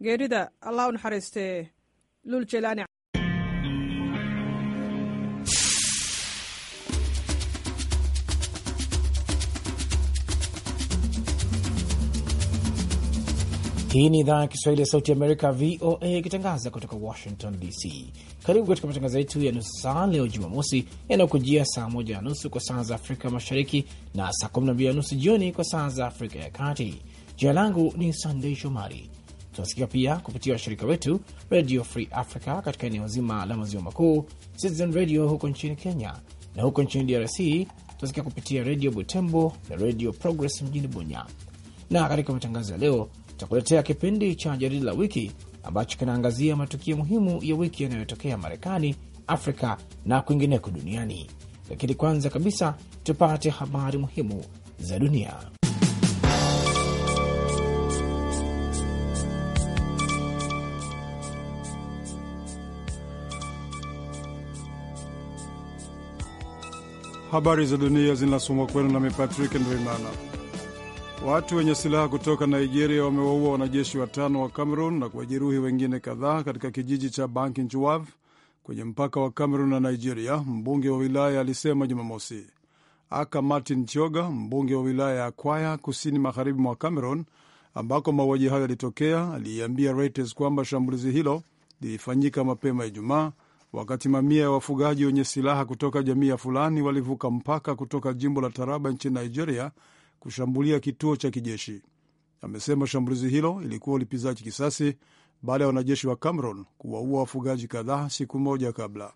geerida allah u naxariiste lul jelaani Hii ni idhaa ya Kiswahili ya Sauti Amerika, VOA, ikitangaza kutoka Washington DC. Karibu katika matangazo yetu ya nusu saa leo Jumamosi, yanayokujia saa moja na nusu kwa saa za Afrika Mashariki na saa kumi na mbili na nusu jioni kwa saa za Afrika ya Kati. Jina langu ni Sandei Shomari Tunasikia pia kupitia washirika wetu Radio Free Africa katika eneo zima la maziwa makuu, Citizen Radio huko nchini Kenya, na huko nchini DRC tunasikia kupitia Radio Butembo na Radio Progress mjini Bunya. Na katika matangazo ya leo tutakuletea kipindi cha Jarida la Wiki ambacho kinaangazia matukio muhimu ya wiki yanayotokea Marekani, Afrika na kwingineko duniani. Lakini kwanza kabisa tupate habari muhimu za dunia. Habari za dunia zinasomwa kwenu nami Patrick Ndwimana. Watu wenye silaha kutoka Nigeria wamewaua wanajeshi watano wa Cameroon na kuwajeruhi wengine kadhaa katika kijiji cha Njuav kwenye mpaka wa Cameroon na Nigeria, mbunge wa wilaya alisema Jumamosi. Aka Martin Choga, mbunge wa wilaya ya Kwaya kusini magharibi mwa Cameroon ambako mauaji hayo yalitokea, aliiambia Reuters kwamba shambulizi hilo lilifanyika mapema Ijumaa wakati mamia ya wafugaji wenye silaha kutoka jamii ya Fulani walivuka mpaka kutoka jimbo la Taraba nchini Nigeria kushambulia kituo cha kijeshi. Amesema shambulizi hilo ilikuwa ulipizaji kisasi baada ya wanajeshi wa Cameroon kuwaua wafugaji kadhaa siku moja kabla.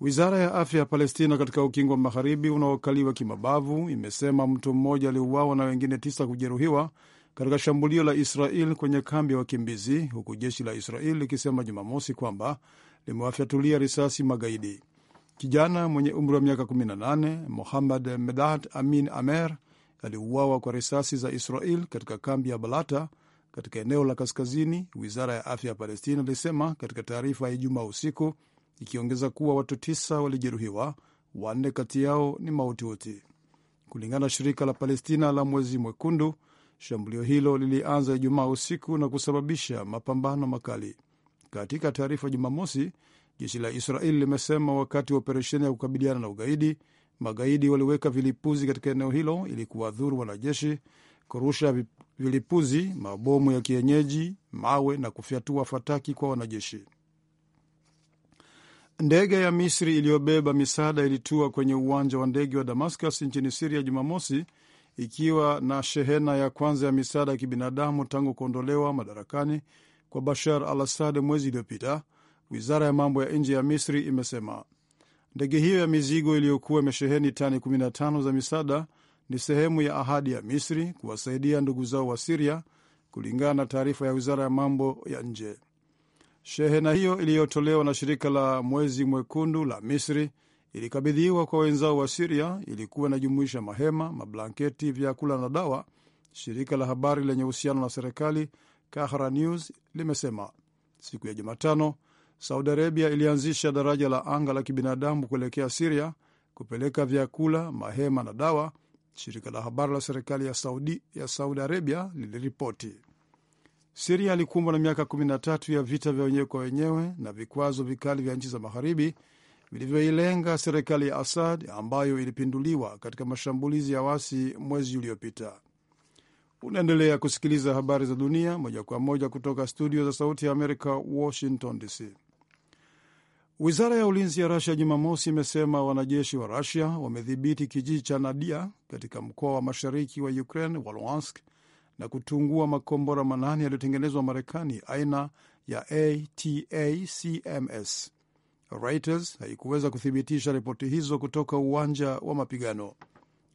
Wizara ya afya ya Palestina katika ukingo wa magharibi unaokaliwa kimabavu imesema mtu mmoja aliuawa na wengine tisa kujeruhiwa katika shambulio la Israel kwenye kambi ya wa wakimbizi, huku jeshi la Israel likisema Jumamosi kwamba limewafyatulia risasi magaidi. Kijana mwenye umri wa miaka 18 Mohammad Medahat Amin Amer aliuawa kwa risasi za Israel katika kambi ya Balata katika eneo la kaskazini, wizara ya afya ya Palestina ilisema katika taarifa ya Ijumaa usiku, ikiongeza kuwa watu tisa walijeruhiwa, wanne kati yao ni mautiuti kulingana na shirika la Palestina la Mwezi Mwekundu. Shambulio hilo lilianza Ijumaa usiku na kusababisha mapambano makali. Katika taarifa Jumamosi, jeshi la Israeli limesema wakati wa operesheni ya kukabiliana na ugaidi, magaidi waliweka vilipuzi katika eneo hilo ili kuwadhuru wanajeshi, kurusha vilipuzi, mabomu ya kienyeji, mawe na kufyatua fataki kwa wanajeshi. Ndege ya Misri iliyobeba misaada ilitua kwenye uwanja wa ndege wa Damascus nchini Siria Jumamosi, ikiwa na shehena ya kwanza ya misaada ya kibinadamu tangu kuondolewa madarakani kwa Bashar al Assad mwezi uliopita, wizara ya mambo ya nje ya Misri imesema. Ndege hiyo ya mizigo iliyokuwa imesheheni tani 15 za misaada ni sehemu ya ahadi ya Misri kuwasaidia ndugu zao wa Siria, kulingana na taarifa ya wizara ya mambo ya nje. Shehena hiyo iliyotolewa na shirika la Mwezi Mwekundu la Misri ilikabidhiwa kwa wenzao wa Siria. Ilikuwa inajumuisha mahema, mablanketi, vyakula na dawa. Shirika la habari lenye uhusiano na serikali Kahra News limesema siku ya Jumatano Saudi Arabia ilianzisha daraja la anga la kibinadamu kuelekea Siria kupeleka vyakula, mahema na dawa, shirika la habari la serikali ya Saudi, ya Saudi Arabia liliripoti. Siria ilikumbwa na miaka 13 ya vita vya wenyewe kwa wenyewe na vikwazo vikali vya nchi za magharibi vilivyoilenga serikali ya Assad ambayo ilipinduliwa katika mashambulizi ya wasi mwezi uliopita. Unaendelea kusikiliza habari za dunia moja kwa moja kutoka studio za sauti ya Amerika, Washington DC. Wizara ya ulinzi ya Rasia Jumamosi imesema wanajeshi wa Rasia wamedhibiti kijiji cha Nadia katika mkoa wa mashariki wa Ukraine wa Luhansk na kutungua makombora manane yaliyotengenezwa Marekani aina ya ATACMS. Reuters haikuweza kuthibitisha ripoti hizo kutoka uwanja wa mapigano.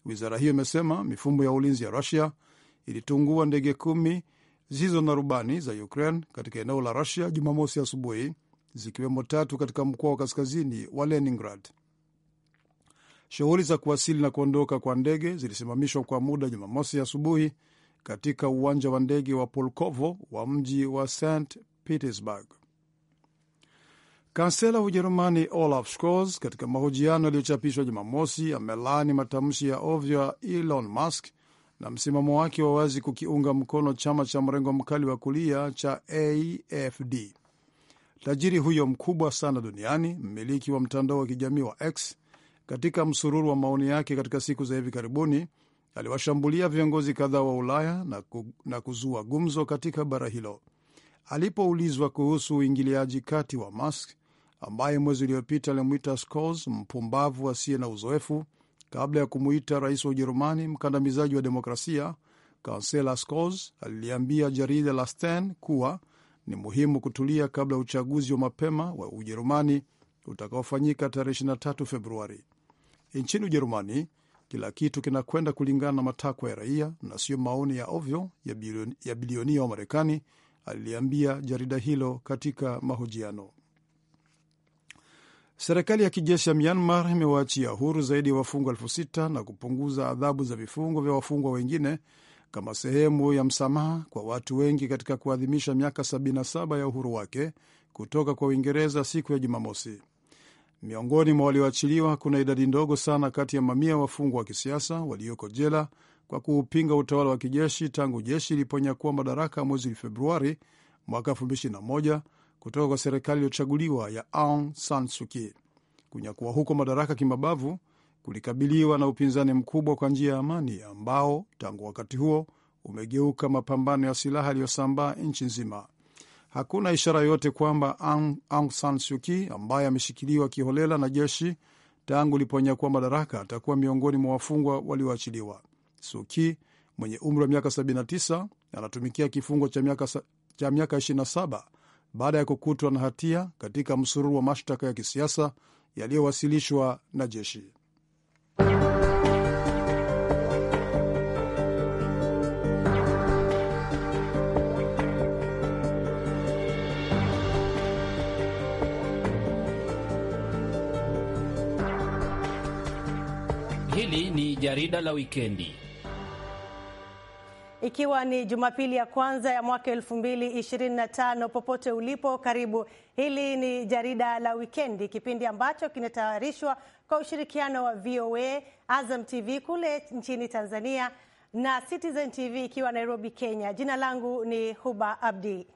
Wizara hiyo imesema mifumo ya ulinzi ya Rusia ilitungua ndege kumi zisizo na rubani za Ukraine katika eneo la Rusia Jumamosi asubuhi, zikiwemo tatu katika mkoa wa kaskazini wa Leningrad. Shughuli za kuwasili na kuondoka kwa ndege zilisimamishwa kwa muda Jumamosi asubuhi katika uwanja wa ndege wa Polkovo wa mji wa St Petersburg. Kansela wa Ujerumani Olaf Scholz katika mahojiano yaliyochapishwa Jumamosi amelaani matamshi ya ovyo ya Elon Musk na msimamo wake wa wazi kukiunga mkono chama cha mrengo mkali wa kulia cha AFD. Tajiri huyo mkubwa sana duniani, mmiliki wa mtandao wa kijamii wa X, katika msururu wa maoni yake katika siku za hivi karibuni aliwashambulia viongozi kadhaa wa Ulaya na, ku, na kuzua gumzo katika bara hilo. Alipoulizwa kuhusu uingiliaji kati wa Musk ambaye mwezi uliopita alimwita Scholz mpumbavu asiye na uzoefu, kabla ya kumuita rais wa Ujerumani mkandamizaji wa demokrasia, kansela Scholz aliliambia jarida la Stern kuwa ni muhimu kutulia kabla ya uchaguzi wa mapema wa Ujerumani utakaofanyika tarehe 23 Februari. Nchini Ujerumani, kila kitu kinakwenda kulingana na matakwa ya raia na siyo maoni ya ovyo ya bilionia wa Marekani, aliliambia jarida hilo katika mahojiano. Serikali ya kijeshi ya Myanmar imewaachia huru zaidi ya wafungwa elfu sita na kupunguza adhabu za vifungo vya wafungwa wengine kama sehemu ya msamaha kwa watu wengi katika kuadhimisha miaka 77 ya uhuru wake kutoka kwa Uingereza siku ya Jumamosi. Miongoni mwa walioachiliwa kuna idadi ndogo sana kati ya mamia ya wafungwa wa kisiasa walioko jela kwa kuupinga utawala wa kijeshi tangu jeshi iliponyakua madaraka mwezi Februari mwaka kutoka kwa serikali iliyochaguliwa ya Aung San Suu Kyi. Kunyakuwa huko madaraka kimabavu kulikabiliwa na upinzani mkubwa kwa njia ya amani ambao tangu wakati huo umegeuka mapambano ya silaha yaliyosambaa nchi nzima. Hakuna ishara yoyote kwamba Aung, Aung San Suu Kyi ambaye ameshikiliwa kiholela na jeshi tangu liponyakua madaraka atakuwa miongoni mwa wafungwa walioachiliwa. Suu Kyi mwenye umri wa miaka 79 anatumikia kifungo cha miaka 27 baada ya kukutwa na hatia katika msururu wa mashtaka ya kisiasa yaliyowasilishwa na jeshi. Hili ni jarida la wikendi. Ikiwa ni Jumapili ya kwanza ya mwaka 2025 popote ulipo, karibu. Hili ni jarida la wikendi, kipindi ambacho kinatayarishwa kwa ushirikiano wa VOA, Azam TV kule nchini Tanzania na Citizen TV ikiwa Nairobi, Kenya. Jina langu ni Huba Abdi.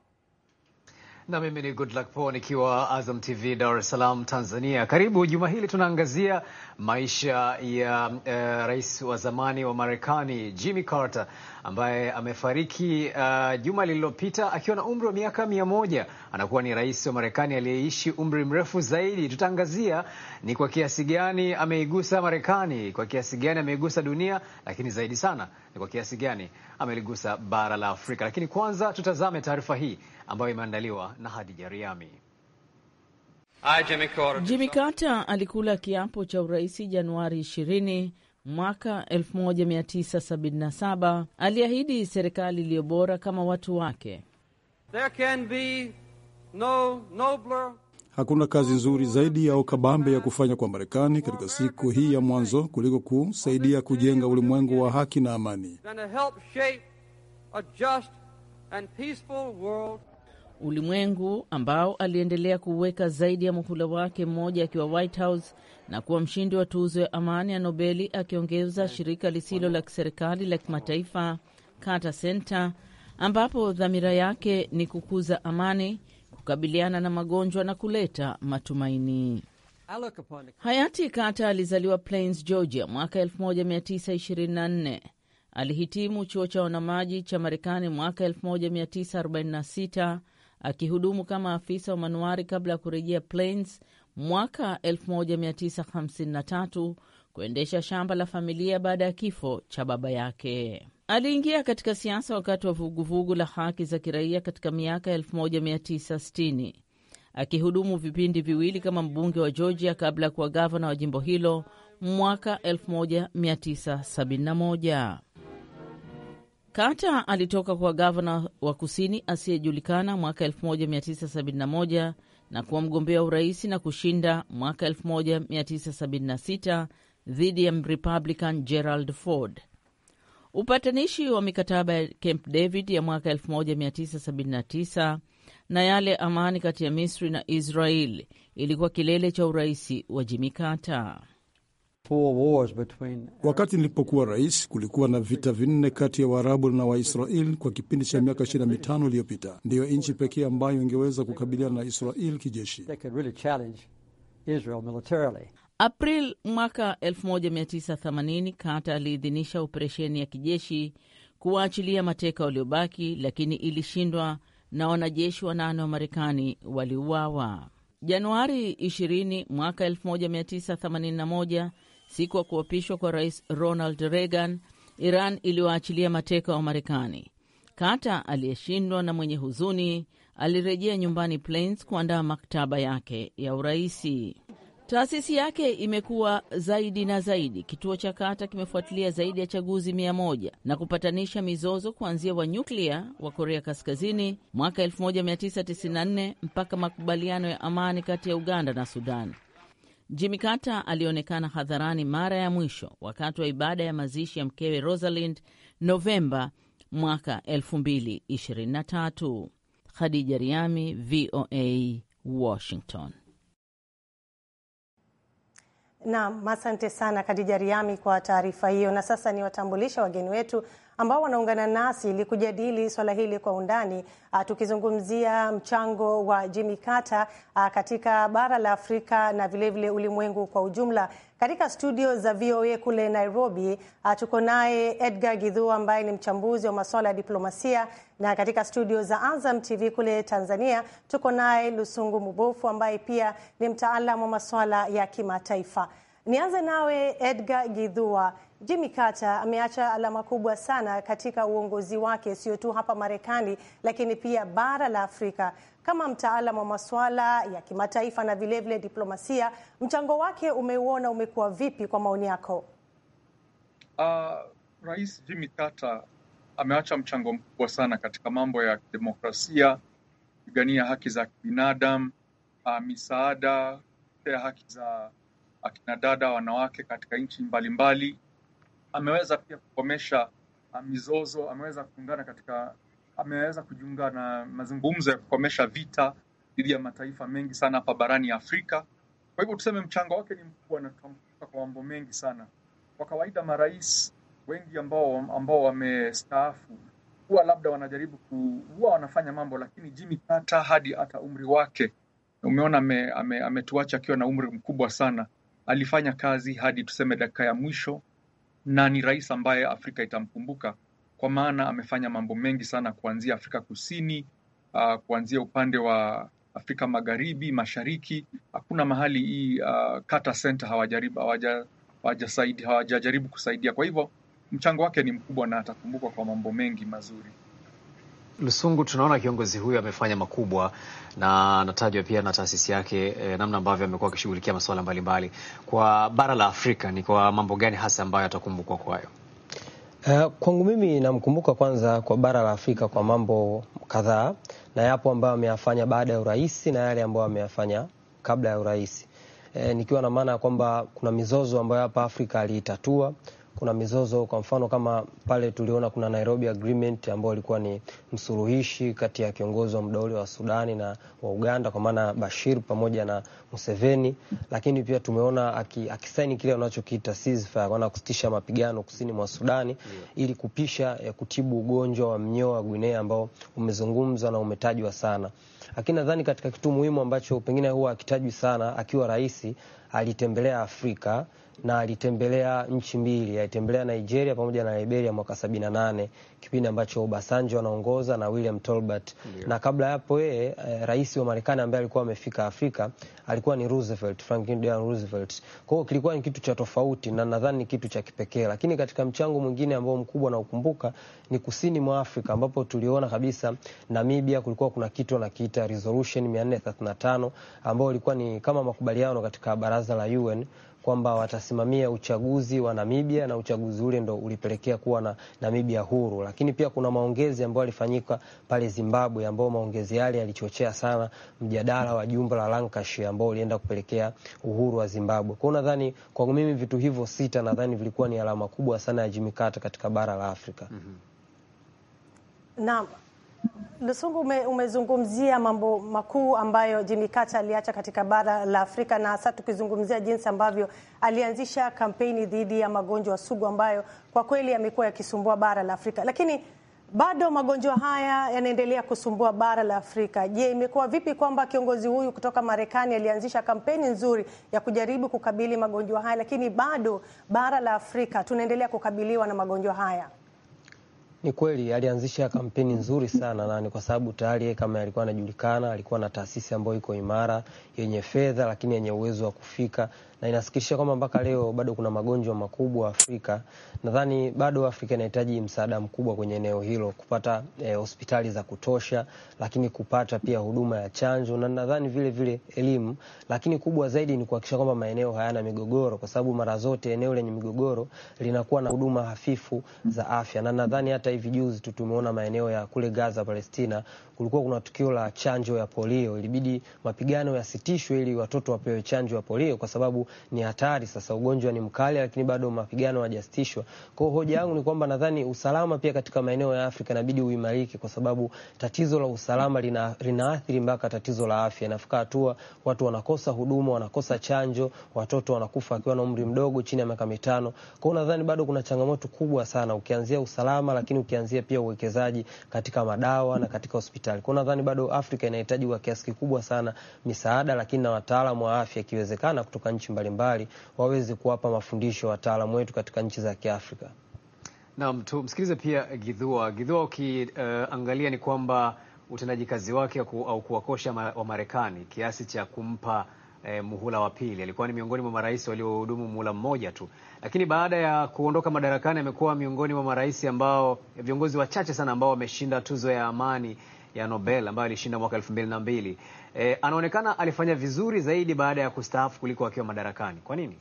Na mimi ni Goodluck po nikiwa Azam TV Dar es Salaam Tanzania. Karibu juma hili tunaangazia maisha ya uh, rais wa zamani wa Marekani Jimmy Carter ambaye amefariki uh, juma lililopita akiwa na umri wa miaka mia moja. Anakuwa ni rais wa Marekani aliyeishi umri mrefu zaidi. Tutaangazia ni kwa kiasi gani ameigusa Marekani, kwa kiasi gani ameigusa dunia, lakini zaidi sana ni kwa kiasi gani ameligusa bara la Afrika. Lakini kwanza tutazame taarifa hii ambayo imeandaliwa na Hadija Riami. Jimmy Carter alikula kiapo cha urais Januari 20 mwaka 1977. Aliahidi serikali iliyo bora kama watu wake. There can be no nobler... Hakuna kazi nzuri zaidi au kabambe ya kufanya kwa Marekani katika siku hii ya mwanzo kuliko kusaidia kujenga ulimwengu wa haki na amani ulimwengu ambao aliendelea kuweka zaidi ya muhula wake mmoja akiwa White House na kuwa mshindi wa tuzo ya amani ya Nobeli, akiongeza shirika lisilo la kiserikali la kimataifa Carter Center, ambapo dhamira yake ni kukuza amani, kukabiliana na magonjwa na kuleta matumaini. Hayati Carter alizaliwa Plains, Georgia mwaka 1924. Alihitimu chuo cha wanamaji cha Marekani mwaka 1946 akihudumu kama afisa wa manuari kabla ya kurejea Plains mwaka 1953 kuendesha shamba la familia baada ya kifo cha baba yake. Aliingia katika siasa wakati wa vuguvugu la haki za kiraia katika miaka 1960 akihudumu vipindi viwili kama mbunge wa Georgia kabla ya kuwa gavana wa jimbo hilo mwaka 1971. Carter alitoka kwa gavana wa kusini asiyejulikana mwaka 1971 na kuwa mgombea wa urais na kushinda mwaka 1976 dhidi ya Republican Gerald Ford. Upatanishi wa mikataba ya Camp David ya mwaka 1979 na yale amani kati ya Misri na Israel ilikuwa kilele cha urais wa Jimmy Carter. Uh, Wakati nilipokuwa rais, kulikuwa na vita vinne kati ya Waarabu na Waisrael kwa kipindi cha miaka 25 iliyopita. Ndiyo nchi pekee ambayo ingeweza kukabiliana na Israel kijeshi. April mwaka 1980 kata aliidhinisha operesheni ya kijeshi kuwaachilia mateka waliobaki, lakini ilishindwa na wanajeshi wanane wa Marekani waliuawa. Januari 20 mwaka siku ya kuapishwa kwa Rais Ronald Reagan, Iran iliwaachilia mateka wa Marekani. Kata aliyeshindwa na mwenye huzuni alirejea nyumbani Plains kuandaa maktaba yake ya uraisi. Taasisi yake imekuwa zaidi na zaidi. Kituo cha Kata kimefuatilia zaidi ya chaguzi mia moja na kupatanisha mizozo kuanzia wa nyuklia wa Korea Kaskazini mwaka 1994 mpaka makubaliano ya amani kati ya Uganda na Sudan. Jimmy Carter alionekana hadharani mara ya mwisho wakati wa ibada ya mazishi ya mkewe Rosalind Novemba mwaka 2023. Khadija Riami, VOA, Washington. Naam, asante sana Khadija Riami kwa taarifa hiyo, na sasa niwatambulisha wageni wetu ambao wanaungana nasi ili kujadili swala hili kwa undani, ah, tukizungumzia mchango wa Jimmy Carter ah, katika bara la Afrika na vilevile ulimwengu kwa ujumla. Katika studio za VOA kule Nairobi ah, tuko naye Edgar Gidhu ambaye ni mchambuzi wa masuala ya diplomasia, na katika studio za Azam TV kule Tanzania tuko naye Lusungu Mubofu ambaye pia ni mtaalamu wa masuala ya kimataifa. Nianze nawe Edgar Gidhua. Jimmy Carter ameacha alama kubwa sana katika uongozi wake, sio tu hapa Marekani, lakini pia bara la Afrika. Kama mtaalamu wa masuala ya kimataifa na vilevile vile diplomasia, mchango wake umeuona umekuwa vipi kwa maoni yako? Uh, Rais Jimmy Carter ameacha mchango mkubwa sana katika mambo ya demokrasia, kupigania haki za binadamu, uh, ah, misaada, ya haki za akina dada, wanawake katika nchi mbalimbali ameweza pia kukomesha ah, mizozo, ameweza kuungana katika, ameweza kujiunga na mazungumzo ya kukomesha vita dhidi ya mataifa mengi sana hapa barani Afrika. Kwa hivyo tuseme mchango wake ni mkubwa na tutamkumbuka kwa mambo mengi sana. Kwa kawaida marais wengi ambao ambao wamestaafu huwa labda wanajaribu ku, huwa wanafanya mambo, lakini Jimmy Carter hadi hata umri wake umeona ametuacha ame, ame akiwa na umri mkubwa sana, alifanya kazi hadi tuseme dakika ya mwisho na ni rais ambaye Afrika itamkumbuka kwa maana amefanya mambo mengi sana kuanzia Afrika Kusini, uh, kuanzia upande wa Afrika Magharibi, Mashariki. Hakuna mahali hii uh, ah, Carter Center hawajaribu hawaja hawajajaribu kusaidia. Kwa hivyo mchango wake ni mkubwa na atakumbukwa kwa mambo mengi mazuri. Lusungu, tunaona kiongozi huyu amefanya makubwa na anatajwa pia na taasisi yake eh, namna ambavyo amekuwa akishughulikia masuala mbalimbali kwa bara la Afrika. Ni kwa mambo gani hasa ambayo atakumbukwa kwayo? Uh, kwangu mimi namkumbuka kwanza kwa bara la Afrika kwa mambo kadhaa, na yapo ambayo ameyafanya baada ya urais na yale ambayo ameyafanya kabla ya urais. E, nikiwa na maana ya kwamba kuna mizozo ambayo hapa Afrika aliitatua kuna mizozo, kwa mfano kama pale tuliona kuna Nairobi Agreement ambayo ilikuwa ni msuluhishi kati ya kiongozi wa mdauli wa Sudani na wa Uganda, kwa maana Bashir pamoja na Museveni, lakini pia tumeona akisaini aki kile wanachokiita ceasefire, kwa kusitisha mapigano kusini mwa Sudani yeah, ili kupisha ya kutibu ugonjwa wa mnyoo wa Guinea ambao umezungumzwa na umetajwa sana, lakini nadhani katika kitu muhimu ambacho pengine huwa akitajwi sana, akiwa rais alitembelea Afrika na alitembelea nchi mbili, alitembelea Nigeria pamoja na Liberia mwaka sabini na nane kipindi ambacho Obasanjo anaongoza na William Tolbert yeah. Na kabla yapo yeye eh, rais wa Marekani ambaye alikuwa amefika Afrika alikuwa ni Roosevelt, Franklin Delano Roosevelt. Kwa hiyo kilikuwa ni kitu cha tofauti na nadhani ni kitu cha kipekee, lakini katika mchango mwingine ambao mkubwa na ukumbuka ni kusini mwa Afrika ambapo tuliona kabisa Namibia kulikuwa kuna kitu na wanakiita resolution 435 ambayo ilikuwa ni kama makubaliano katika baraza la UN kwamba watasimamia uchaguzi wa Namibia na uchaguzi ule ndo ulipelekea kuwa na Namibia huru. Lakini pia kuna maongezi ambayo yalifanyika pale Zimbabwe, ambao maongezi yale yalichochea sana mjadala wa jumba la Lancashire ambao ulienda kupelekea uhuru wa Zimbabwe. Kwa nadhani, kwa mimi vitu hivyo sita nadhani vilikuwa ni alama kubwa sana ya Jimmy Carter katika bara la Afrika. mm -hmm. Naam. Lusungu, ume, umezungumzia mambo makuu ambayo Jimmy Carter aliacha katika bara la Afrika na hasa tukizungumzia jinsi ambavyo alianzisha kampeni dhidi ya magonjwa sugu ambayo kwa kweli yamekuwa yakisumbua bara la Afrika, lakini bado magonjwa haya yanaendelea kusumbua bara la Afrika. Je, imekuwa vipi kwamba kiongozi huyu kutoka Marekani alianzisha kampeni nzuri ya kujaribu kukabili magonjwa haya, lakini bado bara la Afrika tunaendelea kukabiliwa na magonjwa haya? Ni kweli alianzisha kampeni nzuri sana, na ni kwa sababu tayari yeye kama alikuwa anajulikana, alikuwa na taasisi ambayo iko imara yenye fedha, lakini yenye uwezo wa kufika na inasikitisha kwamba mpaka leo bado kuna magonjwa makubwa Afrika. Nadhani bado Afrika inahitaji msaada mkubwa kwenye eneo hilo, kupata eh, hospitali za kutosha, lakini kupata pia huduma ya chanjo na nadhani vile vile elimu, lakini kubwa zaidi ni kuhakikisha kwamba maeneo hayana migogoro, kwa sababu mara zote eneo lenye migogoro linakuwa na huduma hafifu za afya, na nadhani hata hivi juzi tu tumeona maeneo ya kule Gaza, Palestina kulikuwa kuna tukio la chanjo ya polio, ilibidi mapigano yasitishwe ili watoto wapewe chanjo ya polio kwa sababu ni hatari. Sasa ugonjwa ni mkali, lakini bado mapigano hayajasitishwa. Kwa hiyo hoja yangu ni kwamba nadhani usalama pia katika maeneo ya Afrika inabidi uimarike, kwa sababu tatizo la usalama lina, linaathiri mpaka tatizo la afya. Inafika hatua watu wanakosa huduma, wanakosa chanjo, watoto wanakufa akiwa na umri mdogo chini ya miaka mitano. Kwa hiyo nadhani bado kuna changamoto kubwa sana, ukianzia usalama, lakini ukianzia pia uwekezaji katika madawa na katika hospitali hospitali. Kwa nadhani bado Afrika inahitaji kwa kiasi kikubwa sana misaada, lakini na wataalamu wa afya ikiwezekana, kutoka nchi mbalimbali waweze kuwapa mafundisho wataalamu wetu katika nchi za Kiafrika. Naam, tumsikilize pia Gidhua. Gidhua, ukiangalia uh, ni kwamba utendaji kazi wake ku, au kuwakosha ma, wa Marekani kiasi cha kumpa eh, muhula wa pili. Alikuwa ni miongoni mwa marais waliohudumu muhula mmoja tu, lakini baada ya kuondoka madarakani amekuwa miongoni mwa marais ambao viongozi wachache sana ambao wameshinda tuzo ya amani ya Nobel ambayo alishinda mwaka elfu mbili na mbili. E, anaonekana alifanya vizuri zaidi baada ya kustaafu kuliko akiwa madarakani. Kwa nini?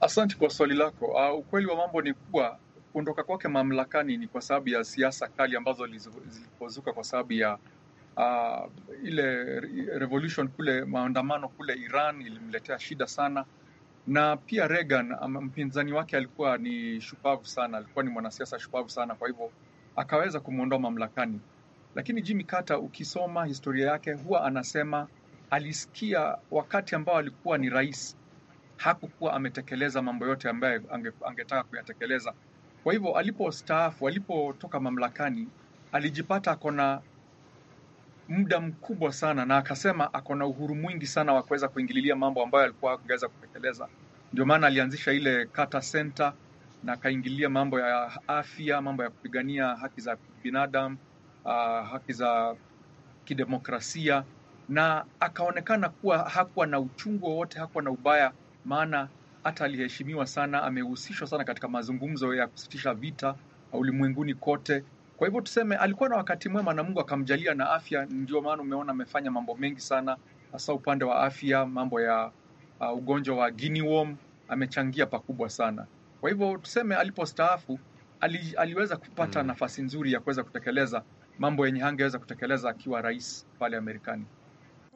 Asante kwa swali lako. Uh, ukweli wa mambo ni kuwa kuondoka kwake mamlakani ni kwa sababu ya siasa kali ambazo zilipozuka kwa sababu ya uh, ile revolution kule, maandamano kule Iran ilimletea shida sana, na pia Reagan mpinzani wake alikuwa ni shupavu sana, alikuwa ni mwanasiasa shupavu sana, kwa hivyo akaweza kumwondoa mamlakani. Lakini Jimmy Carter ukisoma historia yake, huwa anasema alisikia wakati ambao alikuwa ni rais, hakukuwa ametekeleza mambo yote ambayo ange, angetaka kuyatekeleza. Kwa hivyo alipostaafu, alipotoka mamlakani, alijipata akona muda mkubwa sana, na akasema akona uhuru mwingi sana wa kuweza kuingililia mambo ambayo alikuwa angeweza kutekeleza. Ndio maana alianzisha ile Carter Center na akaingilia mambo ya afya, mambo ya kupigania haki za binadamu uh, haki za kidemokrasia na akaonekana kuwa hakuwa na uchungu wowote, hakuwa na ubaya, maana hata aliheshimiwa sana, amehusishwa sana katika mazungumzo ya kusitisha vita ulimwenguni kote. Kwa hivyo tuseme alikuwa na wakati mwema na Mungu akamjalia na afya, ndio maana umeona amefanya mambo mengi sana, hasa upande wa afya, mambo ya uh, ugonjwa wa guinea worm amechangia pakubwa sana. Kwa hivyo tuseme alipostaafu ali, aliweza kupata mm, nafasi nzuri ya kuweza kutekeleza mambo yenye angeweza kutekeleza akiwa rais pale Amerikani.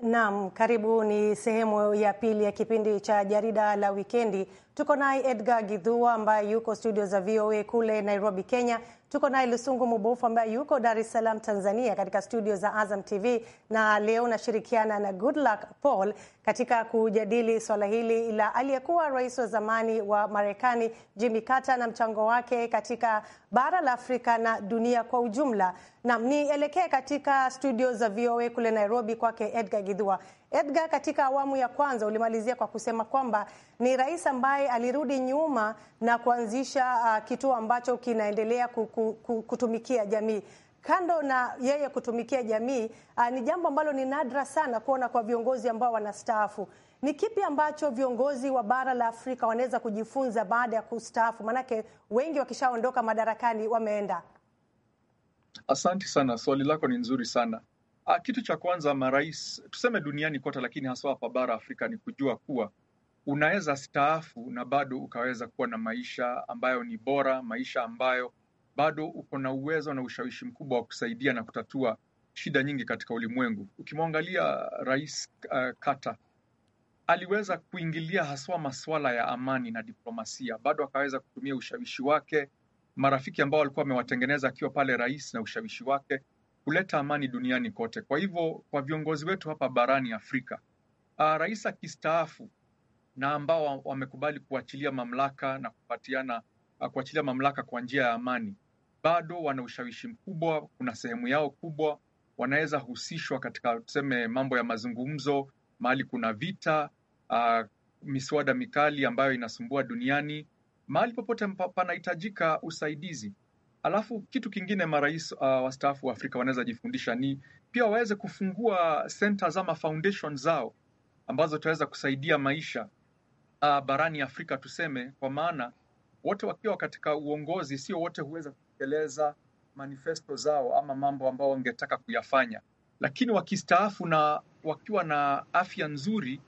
Naam, karibu ni sehemu ya pili ya kipindi cha jarida la wikendi. Tuko naye Edgar Gidhua ambaye yuko studio za VOA kule Nairobi, Kenya, Tuko naye Lusungu Mubofu ambaye yuko Dar es Salaam, Tanzania, katika studio za Azam TV, na leo nashirikiana na Goodluck Paul katika kujadili swala hili la aliyekuwa rais wa zamani wa Marekani Jimmy Carter na mchango wake katika bara la Afrika na dunia kwa ujumla. Nam, nielekee katika studio za VOA kule Nairobi kwake Edgar Gidhua. Edgar, katika awamu ya kwanza ulimalizia kwa kusema kwamba ni rais ambaye alirudi nyuma na kuanzisha uh, kituo ambacho kinaendelea kuku kutumikia jamii. Kando na yeye kutumikia jamii, ah, ni jambo ambalo ni nadra sana kuona kwa viongozi ambao wanastaafu. Ni kipi ambacho viongozi wa bara la Afrika wanaweza kujifunza baada ya kustaafu? Maanake wengi wakishaondoka madarakani wameenda. Asante sana, swali lako ni nzuri sana. Ah, kitu cha kwanza, marais tuseme duniani kote, lakini haswa hapa bara Afrika, ni kujua kuwa unaweza staafu na bado ukaweza kuwa na maisha ambayo ni bora, maisha ambayo bado uko na uwezo na ushawishi mkubwa wa kusaidia na kutatua shida nyingi katika ulimwengu. Ukimwangalia Rais uh, Carter aliweza kuingilia haswa masuala ya amani na diplomasia, bado akaweza kutumia ushawishi wake, marafiki ambao alikuwa amewatengeneza akiwa pale rais, na ushawishi wake kuleta amani duniani kote. Kwa hivyo, kwa viongozi wetu hapa barani Afrika, uh, rais akistaafu na ambao wamekubali kuachilia mamlaka na kupatiana uh, kuachilia mamlaka kwa njia ya amani, bado wana ushawishi mkubwa, kuna sehemu yao kubwa wanaweza husishwa katika tuseme mambo ya mazungumzo, mahali kuna vita, uh, miswada mikali ambayo inasumbua duniani, mahali popote panahitajika usaidizi. Alafu kitu kingine marais uh, wastaafu wa Afrika wanaweza jifundisha ni pia waweze kufungua centers ama foundation zao ambazo taweza kusaidia maisha uh, barani Afrika tuseme, kwa maana wote wakiwa katika uongozi, sio wote huweza kutekeleza manifesto zao ama mambo ambao wangetaka kuyafanya, lakini wakistaafu na wakiwa na afya nzuri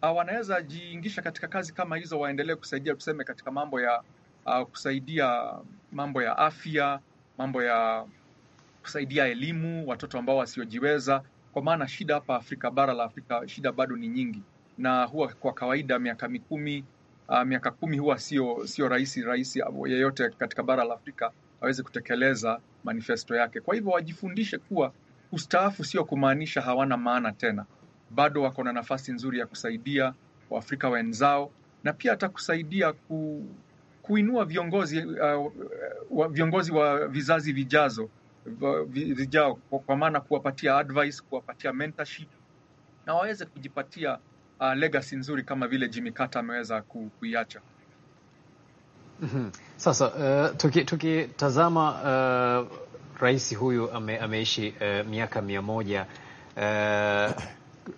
ah, wanaweza jiingisha katika kazi kama hizo, waendelee kusaidia tuseme, katika mambo ya uh, kusaidia mambo ya afya, mambo ya kusaidia elimu, watoto ambao wasiojiweza, kwa maana shida hapa Afrika, bara la Afrika, shida bado ni nyingi, na huwa kwa kawaida miaka mikumi, uh, miaka kumi huwa sio sio rahisi rahisi yeyote katika bara la Afrika aweze kutekeleza manifesto yake. Kwa hivyo wajifundishe kuwa kustaafu sio kumaanisha hawana maana tena, bado wako na nafasi nzuri ya kusaidia Waafrika wenzao na pia hata kusaidia ku, kuinua viongozi uh, wa, viongozi wa vizazi vijazo vijao, kwa, kwa maana kuwapatia advice, kuwapatia mentorship na waweze kujipatia uh, legacy nzuri kama vile Jimmy Carter ameweza kuiacha. Mm -hmm. Sasa uh, eh, tukitazama tuki uh, rais huyu ame, ameishi uh, miaka mia moja uh,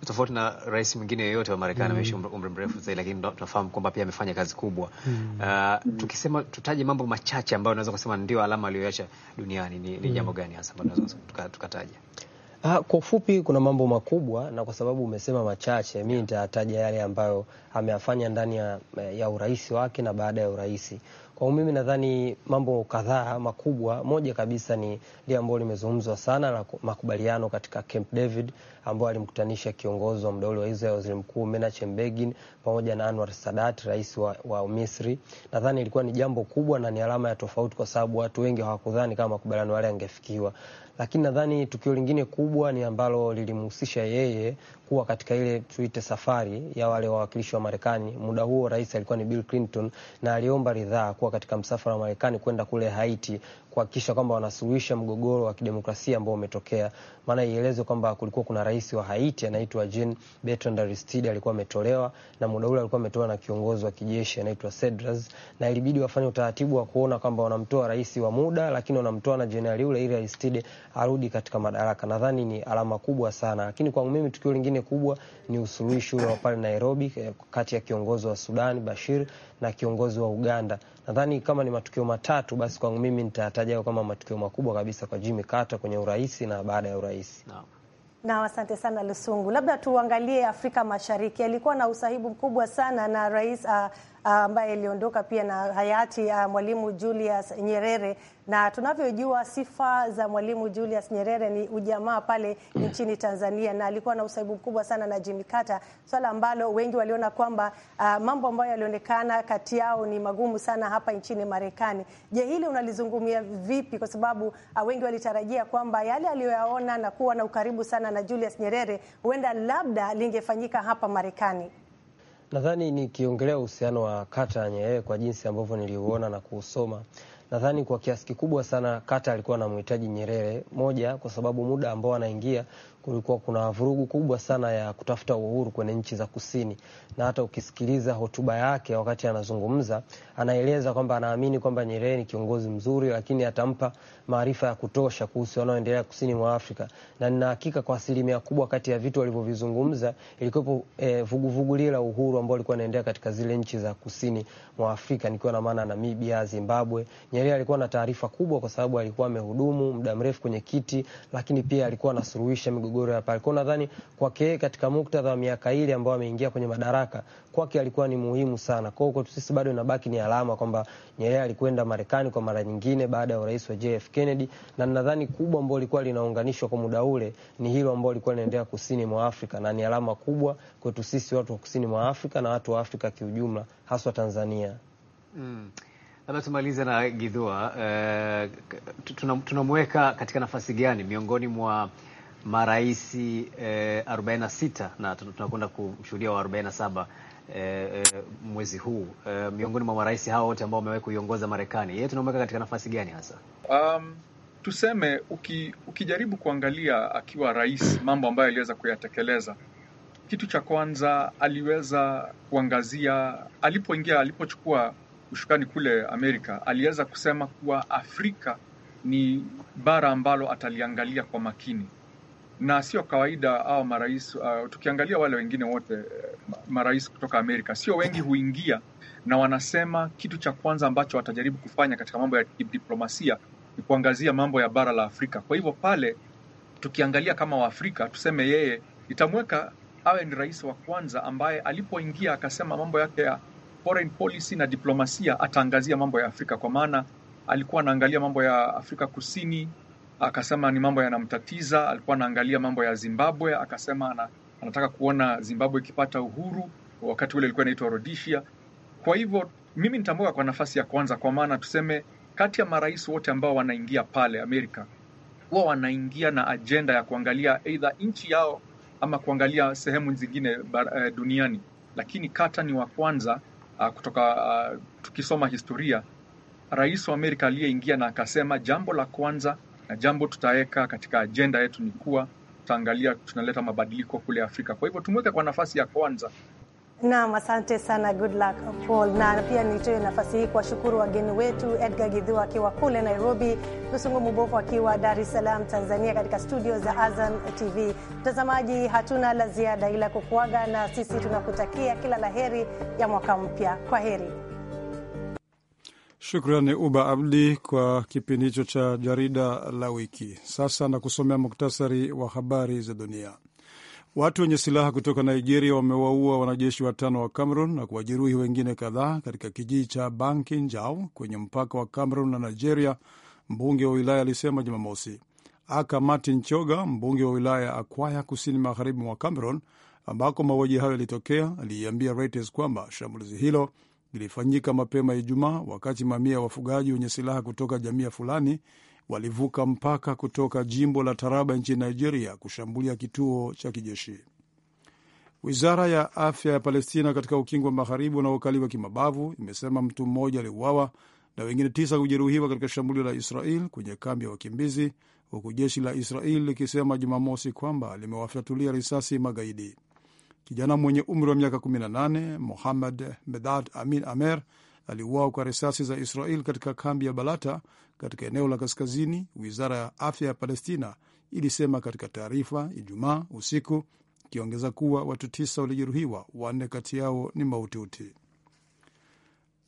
tofauti na rais mwingine yeyote wa Marekani mm-hmm. ameishi mm -hmm. umri mrefu zaidi, lakini tunafahamu kwamba pia amefanya kazi kubwa mm -hmm. uh, tukisema tutaje mambo machache ambayo unaweza kusema ndio alama aliyoacha duniani ni, ni mm-hmm. jambo gani hasa ambayo tunaweza tukataja tuka Ah, kwa ufupi kuna mambo makubwa na kwa sababu umesema machache, mimi nitataja yale ambayo ameyafanya ndani ya, ya urais wake na baada ya urais. Kwa mimi nadhani mambo kadhaa makubwa, moja kabisa ni lile ambalo limezungumzwa sana la makubaliano katika Camp David ambao alimkutanisha kiongozi wa mdauli wa Israel waziri mkuu Menachem Begin pamoja na Anwar Sadat rais wa, wa Misri. Nadhani ilikuwa ni jambo kubwa na ni alama ya tofauti, kwa sababu watu wengi hawakudhani kama makubaliano yale yangefikiwa lakini nadhani tukio lingine kubwa ni ambalo lilimhusisha yeye kuwa katika ile tuite safari ya wale wawakilishi wa Marekani. Muda huo rais alikuwa ni Bill Clinton na aliomba ridhaa kuwa katika msafara wa Marekani kwenda kule Haiti kuhakikisha kwamba wanasuluhisha mgogoro wa kidemokrasia ambao umetokea. Maana ielezwe kwamba kulikuwa kuna rais wa Haiti anaitwa Jean Bertrand Aristide alikuwa ametolewa, na muda ule alikuwa ametolewa na kiongozi wa kijeshi anaitwa Cedras, na ilibidi wafanye utaratibu wa kuona kwamba wanamtoa rais wa muda, lakini wanamtoa na jenerali yule ili Aristide arudi katika madaraka. Nadhani ni alama kubwa sana, lakini kwa mimi tukio lingine nyingine kubwa ni usuluhishi ule wa pale Nairobi eh, kati ya kiongozi wa Sudan Bashir na kiongozi wa Uganda. Nadhani kama ni matukio matatu, basi kwangu mimi nitataja kama matukio makubwa kabisa kwa Jimmy Carter kwenye urais na baada ya urais no. Na asante sana Lusungu. Labda tuangalie Afrika Mashariki, alikuwa na usahibu mkubwa sana na rais uh, Ah, ambaye aliondoka pia na hayati uh, Mwalimu Julius Nyerere, na tunavyojua sifa za Mwalimu Julius Nyerere ni ujamaa pale mm. nchini Tanzania, na alikuwa na usaibu mkubwa sana na Jimmy Carter, swala ambalo wengi waliona kwamba uh, mambo ambayo yalionekana kati yao ni magumu sana hapa nchini Marekani. Je, hili unalizungumia vipi? Kwa sababu uh, wengi walitarajia kwamba yale aliyoyaona na kuwa na ukaribu sana na Julius Nyerere huenda labda lingefanyika hapa Marekani. Nadhani nikiongelea uhusiano wa Kata ya Nyerere kwa jinsi ambavyo niliuona na kuusoma, nadhani kwa kiasi kikubwa sana Kata alikuwa anamhitaji Nyerere, moja kwa sababu muda ambao anaingia kulikuwa kuna vurugu kubwa sana ya kutafuta uhuru kwenye nchi za kusini, na hata ukisikiliza hotuba yake wakati anazungumza, anaeleza kwamba anaamini kwamba Nyerere ni kiongozi mzuri, lakini atampa maarifa ya kutosha kuhusu wanaoendelea kusini mwa Afrika, na nina hakika kwa asilimia kubwa kati ya vitu walivyovizungumza ilikuwepo eh, vuguvugu lile la uhuru ambao alikuwa anaendelea katika zile nchi za kusini mwa Afrika, nikiwa na maana Namibia, Zimbabwe. Nyerere alikuwa na taarifa kubwa kwa sababu alikuwa amehudumu muda mrefu kwenye kiti, lakini pia alikuwa anasuluhisha migogoro ya pale. Kwa nadhani kwake katika muktadha wa miaka ile ambayo ameingia kwenye madaraka, kwake alikuwa ni muhimu sana. Kwa hiyo sisi bado inabaki ni alama kwamba Nyerere alikwenda Marekani kwa mara nyingine baada ya urais wa JF Kennedy, na nadhani kubwa ambayo ilikuwa linaunganishwa kwa muda ule ni hilo ambalo lilikuwa linaendelea kusini mwa Afrika, na ni alama kubwa kwetu sisi watu wa kusini mwa Afrika na watu wa Afrika kiujumla, haswa Tanzania. Mm. Labda tumalize na Gidhua, uh, tunamweka katika nafasi gani miongoni mwa marais eh, 46 na tunakwenda kumshuhudia wa 47 eh, eh, mwezi huu eh, miongoni mwa marais hao wote ambao wamewahi kuiongoza Marekani, yeye tunamweka katika nafasi gani hasa? Um, tuseme uki, ukijaribu kuangalia akiwa rais mambo ambayo aliweza kuyatekeleza, kitu cha kwanza aliweza kuangazia alipoingia, alipochukua ushukani kule Amerika, aliweza kusema kuwa Afrika ni bara ambalo ataliangalia kwa makini na sio kawaida au marais uh, tukiangalia wale wengine wote uh, marais kutoka Amerika sio wengi huingia na wanasema kitu cha kwanza ambacho watajaribu kufanya katika mambo ya diplomasia ni kuangazia mambo ya bara la Afrika. Kwa hivyo pale tukiangalia kama Waafrika tuseme, yeye itamweka awe ni rais wa kwanza ambaye alipoingia akasema mambo yake ya foreign policy na diplomasia ataangazia mambo ya Afrika, kwa maana alikuwa anaangalia mambo ya Afrika Kusini, akasema ni mambo yanamtatiza. Alikuwa anaangalia mambo ya Zimbabwe, akasema ana, anataka kuona Zimbabwe ikipata uhuru, wakati ule ilikuwa inaitwa Rhodesia. Kwa hivyo mimi nitamboka kwa nafasi ya kwanza, kwa maana tuseme kati ya marais wote ambao wanaingia pale Amerika huwa wanaingia na ajenda ya kuangalia aidha nchi yao ama kuangalia sehemu zingine eh, duniani, lakini Carter ni wa kwanza ah, kutoka uh, tukisoma historia, rais wa Amerika aliyeingia na akasema jambo la kwanza na jambo tutaweka katika ajenda yetu ni kuwa tutaangalia tunaleta mabadiliko kule Afrika. Kwa hivyo tumweke kwa nafasi ya kwanza. Naam, asante sana, good luck Paul. Na pia nitoe nafasi hii kuwashukuru wageni wetu, Edgar Gidhu akiwa kule Nairobi, Lusungu Mubofu akiwa Dar es Salaam, Tanzania, katika studio za Azam TV. Mtazamaji, hatuna la ziada ila kukuaga, na sisi tunakutakia kila la heri ya mwaka mpya. Kwa heri. Shukrani Uba Abdi kwa kipindi hicho cha jarida la wiki. Sasa na kusomea muktasari wa habari za dunia. Watu wenye silaha kutoka Nigeria wamewaua wanajeshi watano wa Cameroon na kuwajeruhi wengine kadhaa katika kijiji cha Njau kwenye mpaka wa Cameroon na Nigeria, mbunge wa wilaya alisema Jumamosi. Aka Martin Choga, mbunge wa wilaya ya Akwaya, kusini magharibi mwa Cameroon, ambako mauaji hayo yalitokea, aliiambia Reuters kwamba shambulizi hilo lilifanyika mapema Ijumaa wakati mamia ya wafugaji wenye silaha kutoka jamii fulani walivuka mpaka kutoka jimbo la Taraba nchini Nigeria kushambulia kituo cha kijeshi. Wizara ya afya ya Palestina katika ukingo wa magharibi unaokaliwa kimabavu imesema mtu mmoja aliuawa na wengine tisa kujeruhiwa katika shambulio la Israel kwenye kambi ya wakimbizi, huku jeshi la Israel likisema Jumamosi kwamba limewafyatulia risasi magaidi. Kijana mwenye umri wa miaka 18 muhamad Medad Amin Amer aliuawa kwa risasi za Israel katika kambi ya Balata katika eneo la kaskazini, wizara ya afya ya Palestina ilisema katika taarifa Ijumaa usiku, ikiongeza kuwa watu tisa walijeruhiwa, wanne kati yao ni mautiuti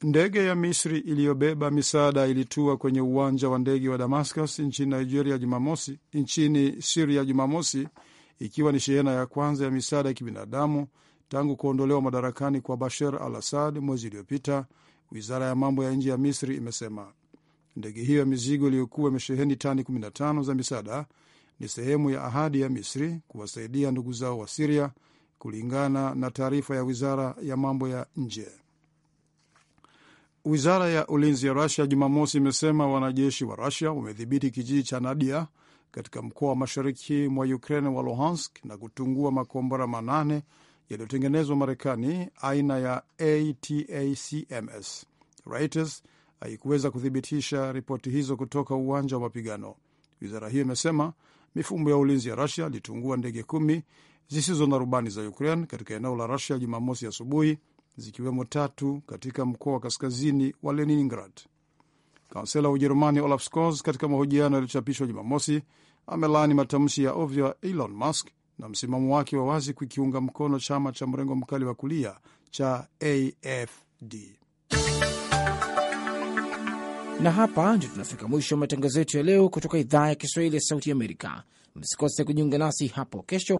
Ndege ya Misri iliyobeba misaada ilitua kwenye uwanja wa ndege wa Damascus nchini Nigeria Jumamosi, nchini Siria Jumamosi, ikiwa ni shehena ya kwanza ya misaada ya kibinadamu tangu kuondolewa madarakani kwa Bashar al Assad mwezi uliopita, wizara ya mambo ya nje ya Misri imesema. Ndege hiyo ya mizigo iliyokuwa imesheheni tani 15 za misaada ni sehemu ya ahadi ya Misri kuwasaidia ndugu zao wa Siria, kulingana na taarifa ya wizara ya mambo ya nje. Wizara ya ulinzi ya Rusia Jumamosi imesema wanajeshi wa Rusia wamedhibiti kijiji cha Nadia katika mkoa wa mashariki mwa Ukraine wa Luhansk na kutungua makombora manane yaliyotengenezwa Marekani aina ya ATACMS. Reuters haikuweza kuthibitisha ripoti hizo kutoka uwanja wa mapigano. Wizara hiyo imesema mifumo ya ulinzi ya Rusia ilitungua ndege kumi zisizo na rubani za Ukraine katika eneo la Rusia Jumamosi asubuhi, zikiwemo tatu katika mkoa wa kaskazini wa Leningrad. Kansela wa Ujerumani Olaf Scholz katika mahojiano yaliyochapishwa Jumamosi amelaani matamshi ya ovyo ya Elon Musk na msimamo wake wa wazi kukiunga mkono chama cha mrengo mkali wa kulia cha AfD. Na hapa ndio tunafika mwisho wa matangazo yetu ya leo kutoka idhaa ya Kiswahili ya Sauti Amerika. Msikose kujiunga nasi hapo kesho